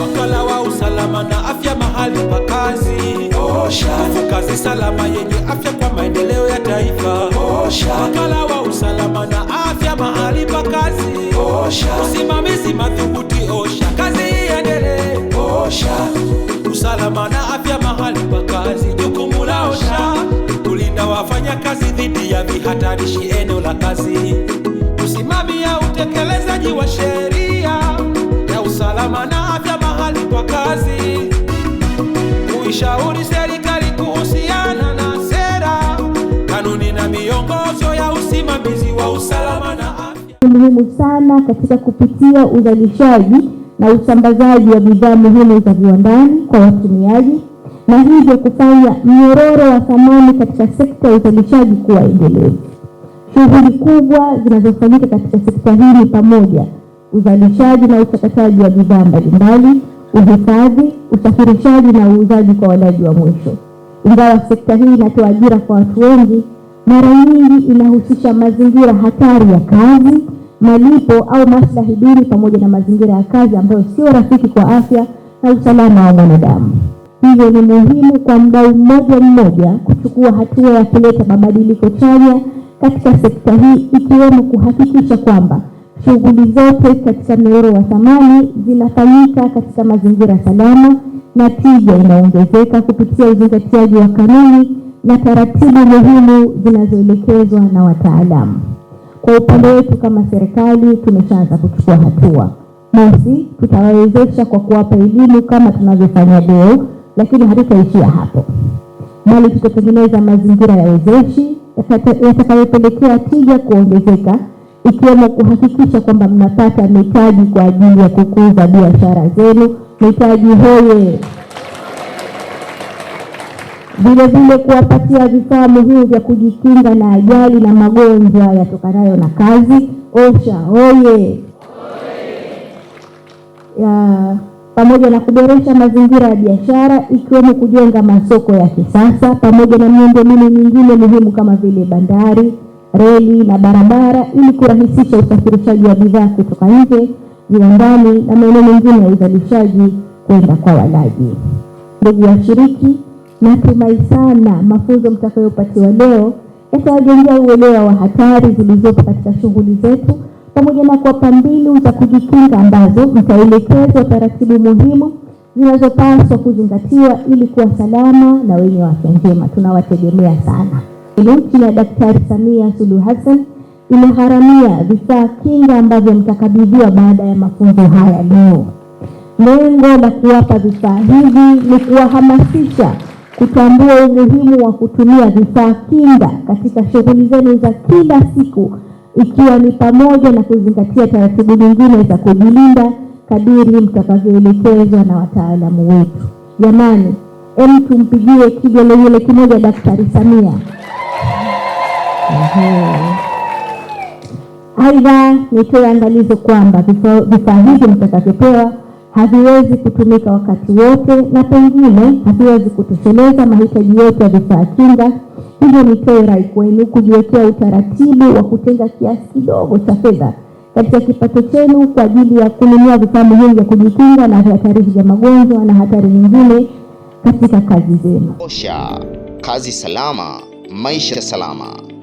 wakala wa usalama na afya mahali pa kazi. Nguvu kazi salama yenye afya kwa maendeleo ya taifa. Wakala wa usalama na afya mahali pa kazi. Usimamizi madhubuti. Osha, kazi iendelee. Usalama na afya mahali pa kazi, jukumu la Osha kulinda kazi dhidi ya vihatarishi eneo la kazi, usimamia utekelezaji wa sheri usalama na afya muhimu sana katika kupitia uzalishaji na usambazaji wa bidhaa muhimu za viwandani kwa watumiaji na hivyo kufanya mnyororo wa thamani katika sekta ya uzalishaji kuwa endelevu. Shughuli kubwa zinazofanyika katika sekta hii ni pamoja uzalishaji na uchakataji wa bidhaa mbalimbali, uhifadhi, usafirishaji na uuzaji kwa walaji wa mwisho. Ingawa sekta hii inatoa ajira kwa watu wengi mara nyingi inahusisha mazingira hatari ya kazi, malipo au maslahi duni, pamoja na mazingira ya kazi ambayo sio rafiki kwa afya na usalama wa mwanadamu. Hivyo ni muhimu kwa mdau mmoja mmoja kuchukua hatua ya kuleta mabadiliko chanya katika sekta hii, ikiwemo kuhakikisha kwamba shughuli zote katika mnyororo wa thamani zinafanyika katika mazingira salama na tija inaongezeka kupitia uzingatiaji wa kanuni na taratibu muhimu zinazoelekezwa na wataalamu. Kwa upande wetu kama serikali, tumeshaanza kuchukua hatua. Mosi, tutawawezesha kwa kuwapa elimu kama tunavyofanya leo, lakini hatutaishia hapo, bali tutatengeneza mazingira ya wezeshi yatakayopelekea tija kuongezeka, ikiwemo kuhakikisha kwamba mnapata mitaji kwa ajili ya kukuza biashara zenu. Mitaji hoye! vile vile kuwapatia vifaa muhimu vya kujikinga na ajali na magonjwa yatokanayo na kazi. OSHA oye! ya pamoja na kuboresha mazingira ya biashara ikiwemo kujenga masoko ya kisasa pamoja na miundombinu mingine muhimu kama vile bandari, reli na barabara ili kurahisisha usafirishaji wa bidhaa kutoka nje, viwandani na maeneo mengine ya uzalishaji kwenda kwa walaji. Ndugu washiriki, Natumai sana mafunzo mtakayopatiwa leo yatawajengea uelewa wa hatari zilizopo katika shughuli zetu, pamoja na kuwapa mbinu za kujikinga ambazo mtaelekezwa taratibu muhimu zinazopaswa kuzingatiwa ili kuwa salama na wenye afya njema. Tunawategemea sana. Nchi ya Daktari Samia Suluhu Hassan imegharamia vifaa kinga ambavyo mtakabidhiwa baada ya mafunzo haya leo. Lengo la kuwapa vifaa hivi ni kuwahamasisha kutambua umuhimu wa kutumia vifaa kinga katika shughuli zenu za kila siku, ikiwa ni pamoja na kuzingatia taratibu nyingine za kujilinda kadiri mtakavyoelekezwa na wataalamu wetu. Jamani, em, tumpigie kigelegele kimoja Daktari Samia. Aidha, nitoe angalizo kwamba vifaa hivi mtakavyopewa haviwezi kutumika wakati wote na pengine haviwezi kutosheleza mahitaji yote ya vifaa kinga. Hivyo nitoe rai kwenu kujiwekea utaratibu wa kutenga kiasi kidogo cha fedha katika kipato chenu kwa ajili ya kununua vifaa muhimu vya kujikinga na hatari vya magonjwa na hatari nyingine katika kazi zenu. Osha, kazi salama, maisha salama.